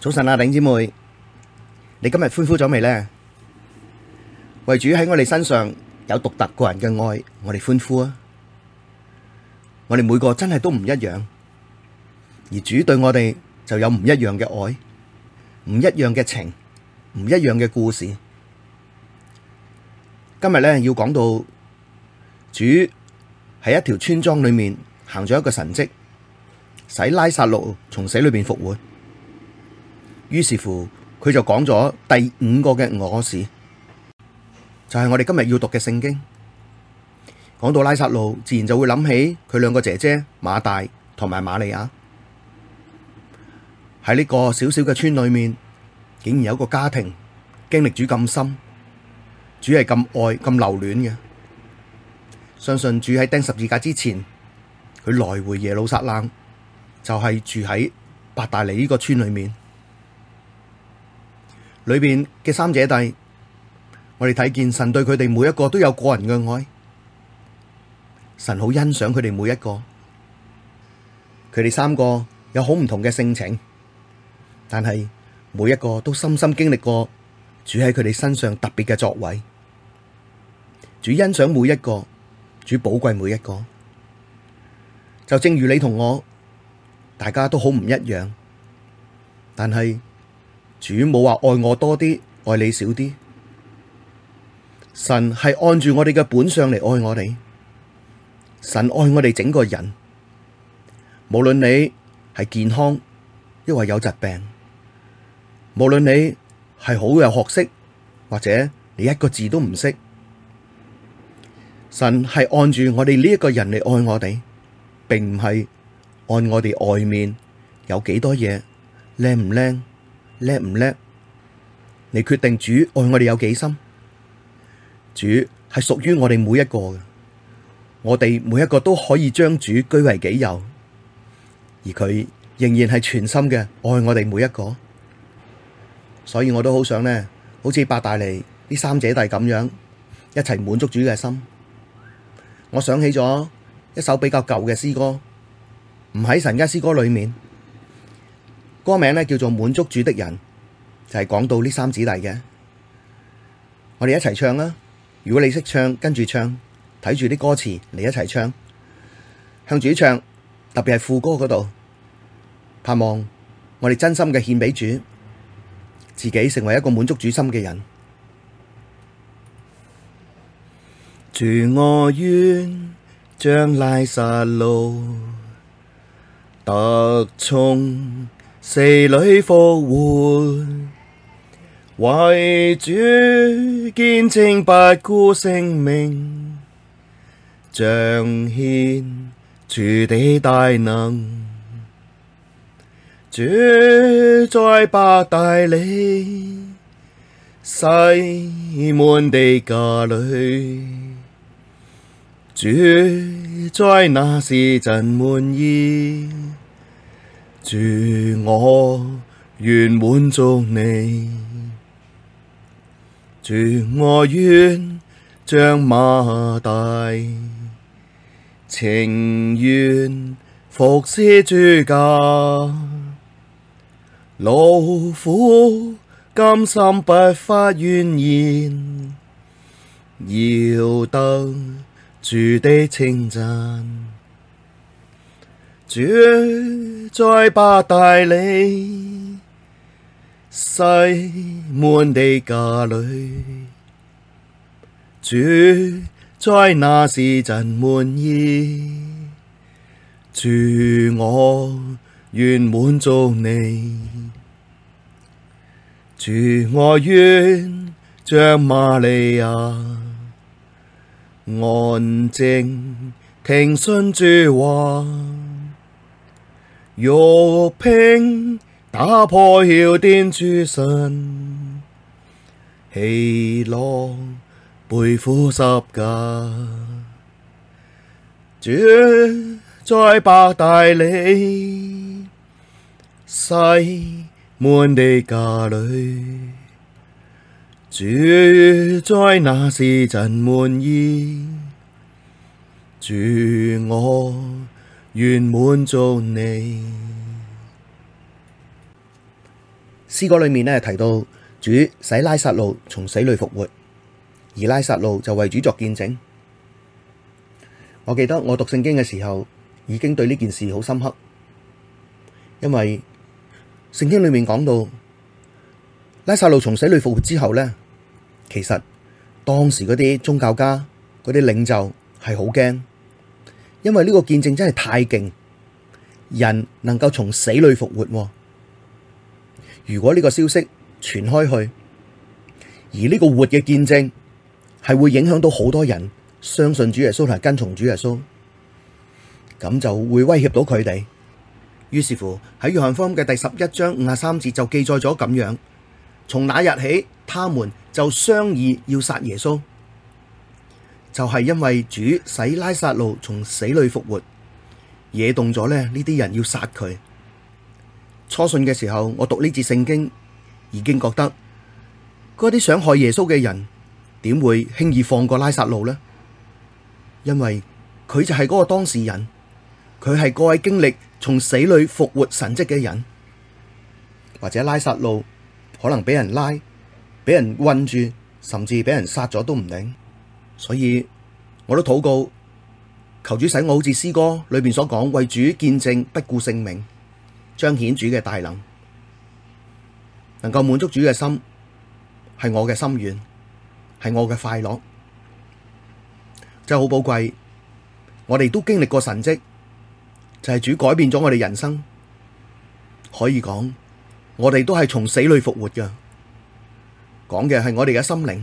早晨啊，頂姊妹，你今日歡呼咗未呢？為主喺我哋身上有獨特個人嘅愛，我哋歡呼啊！我哋每個真係都唔一樣，而主對我哋就有唔一樣嘅愛，唔一樣嘅情，唔一樣嘅故事。今日咧要講到主喺一條村莊裏面行咗一個神蹟，使拉撒路從死裏邊復活。於是乎，佢就講咗第五個嘅我事，就係、是、我哋今日要讀嘅聖經。講到拉撒路，自然就會諗起佢兩個姐姐馬大同埋馬利亞。喺呢個小小嘅村裏面，竟然有一個家庭經歷主咁深，主係咁愛、咁留戀嘅。相信主喺釘十二架之前，佢來回耶路撒冷，就係、是、住喺伯大尼呢個村裏面。裏面嘅三姐弟，我哋睇見神對佢哋每一個都有個人嘅愛，神好欣賞佢哋每一個，佢哋三個有好唔同嘅性情，但係每一個都深深經歷過主喺佢哋身上特別嘅作為，主欣賞每一個，主寶貴每一個，就正如你同我，大家都好唔一樣，但係。主冇話愛我多啲，愛你少啲。神係按住我哋嘅本相嚟愛我哋。神愛我哋整個人，無論你係健康，抑或有疾病；無論你係好有學識，或者你一個字都唔識。神係按住我哋呢一個人嚟愛我哋，並唔係按我哋外面有幾多嘢靚唔靚。美叻唔叻？你決定主愛我哋有幾深？主係屬於我哋每一個嘅，我哋每一個都可以將主居為己有，而佢仍然係全心嘅愛我哋每一個。所以我都好想咧，好似伯大尼呢三姐弟咁樣，一齊滿足主嘅心。我想起咗一首比較舊嘅詩歌，唔喺神家詩歌裏面。歌名咧叫做滿足主的人，就係講到呢三子弟嘅，我哋一齊唱啦。如果你識唱，跟住唱，睇住啲歌詞嚟一齊唱，向主唱，特別係副歌嗰度，盼望我哋真心嘅獻俾主，自己成為一個滿足主心嘅人。主我願，像拉撒路，得從。死裡復活，為主見證不顧性命，彰顯主的大能。主在伯大尼，西門的家裡，主在那時真滿意。主我願滿足你，主我願將馬大情願服侍主家，勞苦甘心不發怨言，要得主的稱讚，在伯大尼，西門的家裡，主在那時真滿意，主我願滿足你，主我願像瑪利亞，安靜聽信主話。玉瓶打破澆奠主身，喜樂背負十架，主在伯大尼，西門的家裡，主在那時真滿意，主我。圓滿做你。詩歌裏面提到主使拉撒路從死裏復活，而拉撒路就為主作見證。我記得我讀聖經嘅時候，已經對呢件事好深刻，因為聖經裏面講到拉撒路從死裏復活之後呢，其實當時嗰啲宗教家、嗰啲領袖係好驚。因為呢個見證真係太勁，人能夠從死裡復活。如果呢個消息傳開去，而呢個活嘅見證係會影響到好多人相信主耶穌同跟從主耶穌，咁就會威脅到佢哋。 於是乎喺約翰福音嘅第十一章五十三節就記載咗咁樣：從那日起，他們就商議要殺耶穌。就係因為主使拉撒路從死裡復活，惹動咗呢啲人要殺佢。初信嘅時候，我讀呢節聖經已經覺得，嗰啲想害耶穌嘅人點會輕易放過拉撒路呢？因為佢就係嗰個當事人，佢係嗰位經歷從死裡復活神蹟嘅人，或者拉撒路可能俾人拉、俾人困住，甚至俾人殺咗都唔定。所以，我都禱告，求主使我好似詩歌裏邊所講，為主見證不顧性命，彰顯主嘅大能，能夠滿足主嘅心，係我嘅心願，係我嘅快樂，真係好寶貴。我哋都經歷過神蹟，就係、是、主改變咗我哋人生，可以講，我哋都係從死裡復活嘅，講嘅係我哋嘅心靈。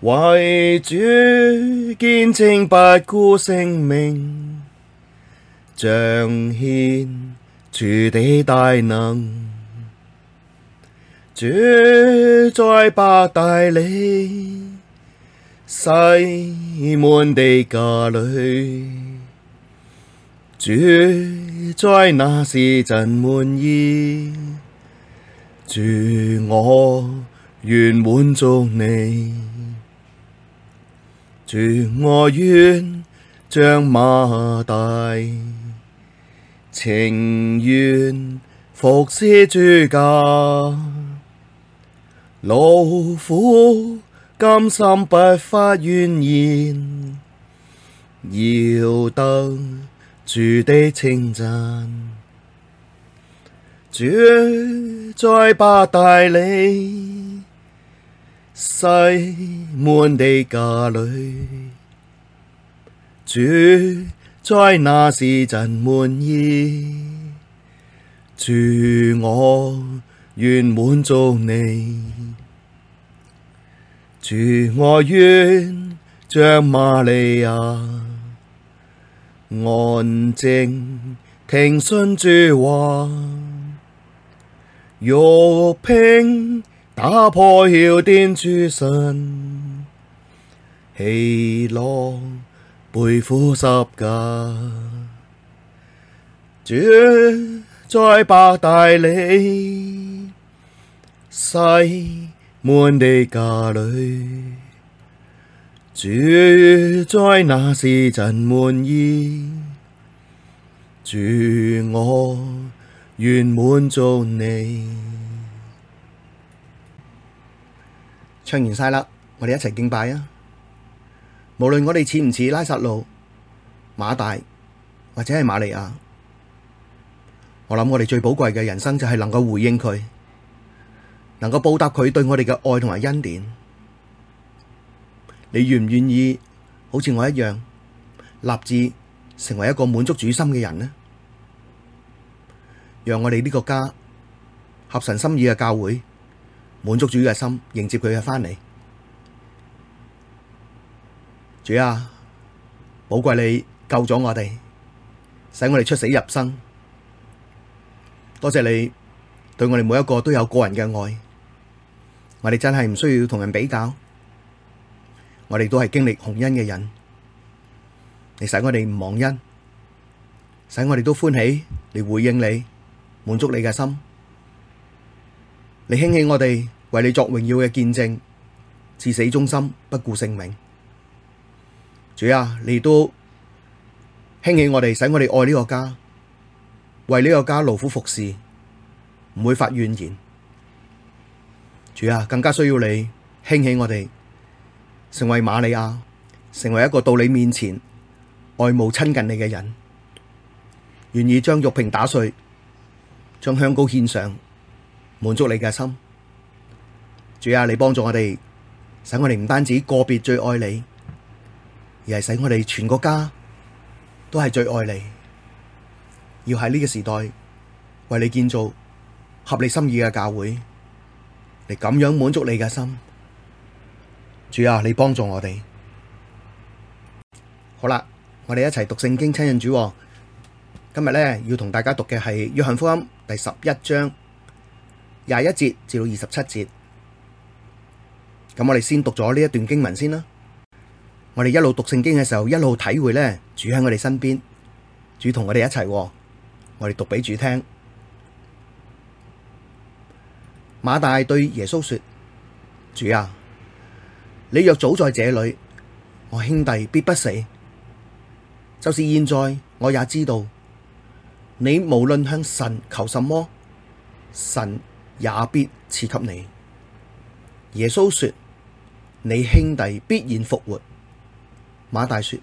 為主見證不顧性命，彰顯主的大能。主在伯大尼，西門的家裡，主在那時真滿意，主我願滿足你。主我願像馬大，情願服侍主家，勞苦甘心不發怨言，要得主的稱讚，主在伯大尼。西門的家裡，主在那時真滿意。主我願滿足你，主我願像瑪利亞，安靜聽信主話，玉瓶。打破澆奠主身，喜樂背負十架，主在伯大尼，西門的家裡，主在那時真滿意，主我願滿足你。唱完晒啦，我哋一齊敬拜啊！無論我哋似唔似拉撒路、馬大或者係馬利亞，我諗我哋最寶貴嘅人生就係能夠回應佢，能夠報答佢對我哋嘅愛同埋恩典。你願唔願意好似我一樣，立志成為一個滿足主心嘅人呢？讓我哋呢個家合神心意嘅教會。滿足主嘅心，迎接佢嘅翻嚟。主啊，寶貴你救咗我哋，使我哋出死入生。多謝你對我哋每一個都有個人嘅愛。我哋真係唔需要同人比較，我哋都係經歷紅恩嘅人。你使我哋唔忘恩，使我哋都歡喜嚟回應你，滿足你嘅心。你興起我哋，為你作榮耀嘅見證，至死忠心不顧性命。主啊，你都興起我哋，使我哋愛呢個家，為呢個家勞苦服侍，唔會發怨言。主啊，更加需要你興起我哋，成為瑪利亞，成為一個到你面前愛慕親近你嘅人，願意將玉瓶打碎，將香膏獻上，滿足你嘅心。主啊，你幫助我哋，使我哋唔單止個別最愛你，而係使我哋全個家都係最愛你。要喺呢個時代為你建造合你心意嘅教會，嚟咁樣滿足你嘅心。主啊，你幫助我哋。好啦，我哋一齊讀聖經親近主。今日咧要同大家讀嘅係約翰福音第十一章廿一節至到二十七節。咁我哋先讀咗呢一段經文先啦。我哋一路讀聖經嘅時候，一路體會呢：「主喺我哋身邊，主同我哋一齊。」我哋讀俾主聽。馬大對耶穌說：主啊，你若早在這裡，我兄弟必不死。就是現在，我也知道，你無論向神求什麼，神也必賜給你。耶穌說。你兄弟必然復活。馬大說：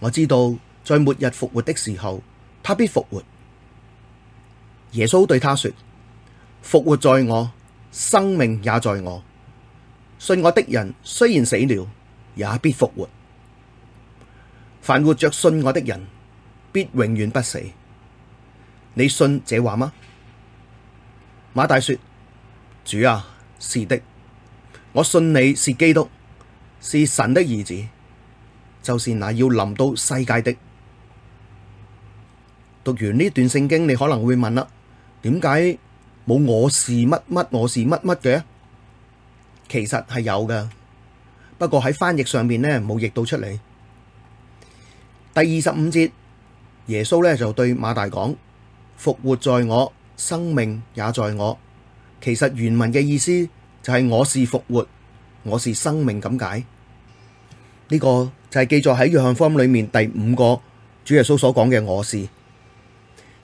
我知道，在末日復活的時候，他必復活。耶穌對他說：復活在我，生命也在我。信我的人雖然死了，也必復活。凡活着信我的人，必永遠不死。你信這話嗎？馬大說：主啊，是的。我信你是基督，是神的兒子，就是那要臨到世界的。讀完呢段聖經，你可能會問啦，點解冇我是乜乜，我是乜乜嘅？其實係有嘅，不過喺翻譯上面呢，冇譯到出嚟。第二十五節，耶穌呢就對馬大講：復活在我，生命也在我。其實原文嘅意思。就係我是復活，我是生命咁解。呢、這個就係記載喺約翰福音裏面第五個主耶穌所講嘅我是。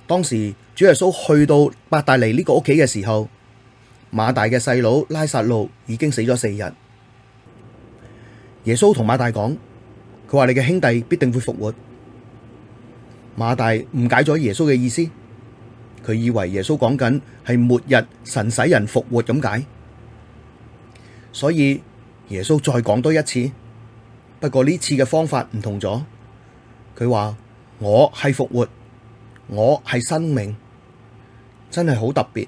當時主耶穌去到伯大尼呢個屋企嘅時候，馬大嘅細佬拉撒路已經死咗四日。耶穌同馬大講，佢話你嘅兄弟必定會復活。馬大誤解咗耶穌嘅意思，佢以為耶穌講緊係末日神使人復活咁解。所以耶穌再講多一次，不過呢次嘅方法唔同咗。佢話我係復活，我係生命，真係好特別。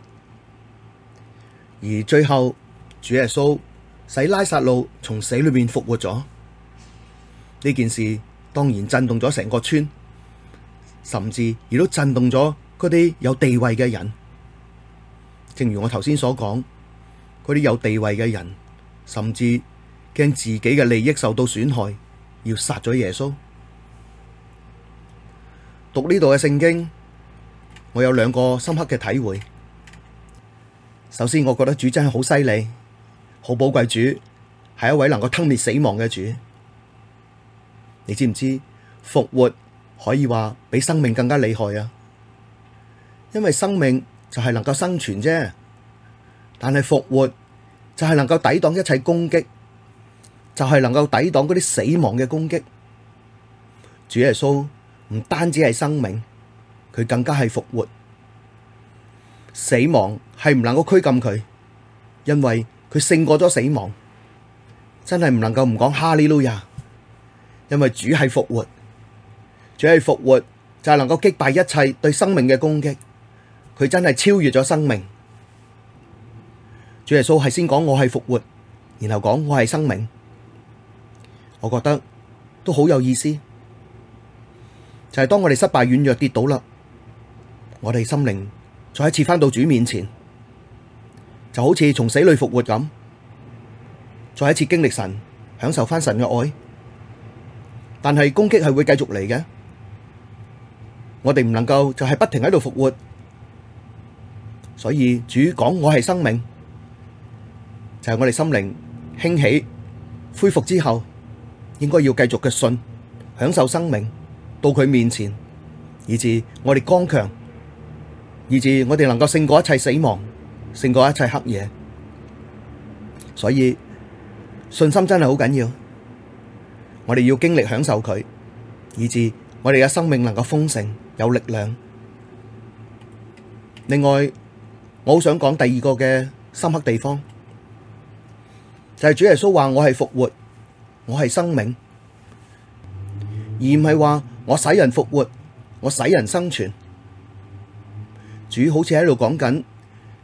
而最後主耶穌使拉撒路從死裏面復活咗，呢件事當然震動咗成個村，甚至亦都震動咗嗰啲有地位嘅人。正如我頭先所講，嗰啲有地位嘅人。甚至驚自己嘅利益受到損害，要殺咗耶穌。讀呢度嘅聖經，我有兩個深刻嘅體會。首先，我覺得主真係好犀利，好寶貴主。主係一位能夠吞滅死亡嘅主。你知唔知復活可以話比生命更加厲害啊？因為生命就係能夠生存啫，但係復活。就係能夠抵擋一切攻擊，就係能夠抵擋嗰啲死亡嘅攻擊。主耶穌唔單止係生命，佢更加係復活。死亡係唔能夠拘禁佢，因為佢勝過咗死亡。真係唔能夠唔講哈利路亞，因為主係復活，主係復活就係能夠擊敗一切對生命嘅攻擊。佢真係超越咗生命。主耶穌係先講我係復活，然後講我係生命，我覺得都好有意思。就係當我哋失敗、軟弱、跌倒啦，我哋心靈再一次翻到主面前，就好似從死裡復活咁，再一次經歷神，享受翻神嘅愛。但係攻擊係會繼續嚟嘅，我哋唔能夠就係不停喺度復活，所以主講我係生命。就係我哋心靈興起、恢復之後，應該要繼續嘅信，享受生命到佢面前，以至我哋剛強，以至我哋能夠勝過一切死亡，勝過一切黑夜。所以信心真係好緊要，我哋要經歷享受佢，以至我哋嘅生命能夠豐盛有力量。另外，我好想講第二個嘅深刻地方。就係主耶穌話我係復活，我係生命，而唔係話我使人復活，我使人生存。主好似喺度講緊，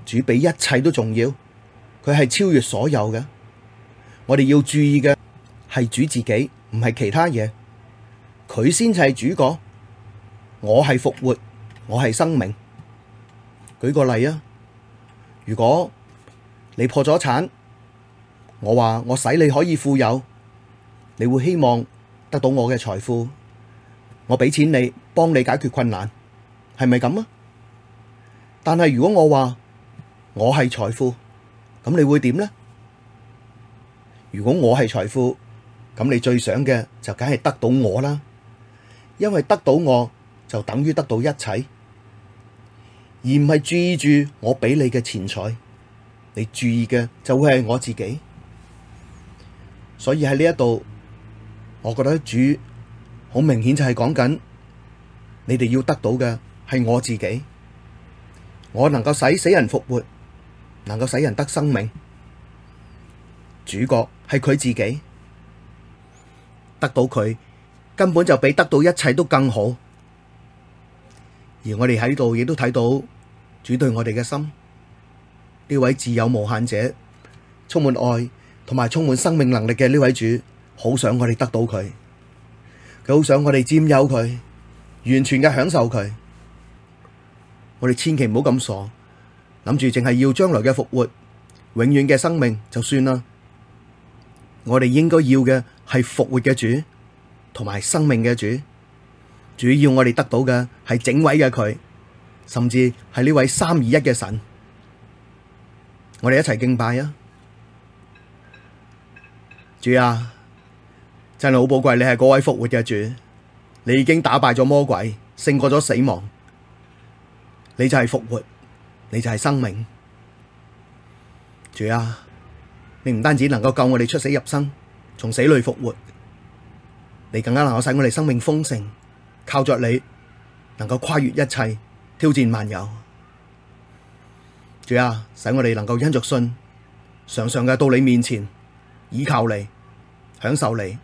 主比一切都重要，佢係超越所有嘅。我哋要注意嘅係主自己，唔係其他嘢，佢先至係主角。我係復活，我係生命。舉個例啊，如果你破咗產。我話我使你可以富有，你會希望得到我嘅財富。我畀錢你，幫你解決困難，係咪咁啊？但係如果我話我係財富，咁你會點呢？如果我係財富，咁你最想嘅就梗係得到我啦，因為得到我就等於得到一切，而唔係注意住我俾你嘅錢財。你注意嘅就會係我自己。所以喺呢一度，我覺得主好明顯就係講緊你哋要得到嘅係我自己，我能夠使死人復活，能夠使人得生命。主角係佢自己，得到佢根本就比得到一切都更好。而我哋喺度亦都睇到主對我哋嘅心，呢位自有無限者，充滿愛。同埋充滿生命能力嘅呢位主，好想我哋得到佢，佢好想我哋佔有佢，完全嘅享受佢。我哋千祈唔好咁傻，諗住淨係要將來嘅復活，永遠嘅生命就算啦。我哋應該要嘅係復活嘅主，同埋生命嘅主，主要我哋得到嘅係整位嘅佢，甚至係呢位三二一嘅神。我哋一齊敬拜啊！主啊，真係好寶貴！你係嗰位復活嘅主，你已經打敗咗魔鬼，勝過咗死亡，你就係復活，你就係生命。主啊，你唔單止能夠救我哋出死入生，從死裡復活，你更加能夠使我哋生命豐盛，靠着你能夠跨越一切挑戰萬有。主啊，使我哋能夠因着信，常常嘅到你面前。倚靠你，享受你，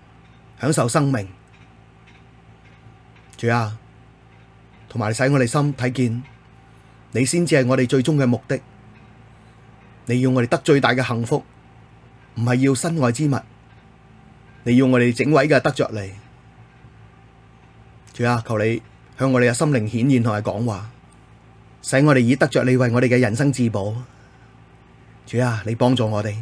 享受生命，主啊，同埋使我哋心睇見你，先至係我哋最終嘅目的。你要我哋得最大嘅幸福，唔係要身外之物。你要我哋整位嘅得着你，主啊，求你向我哋嘅心靈顯現同埋講話，使我哋以得着你為我哋嘅人生至寶。主啊，你幫助我哋。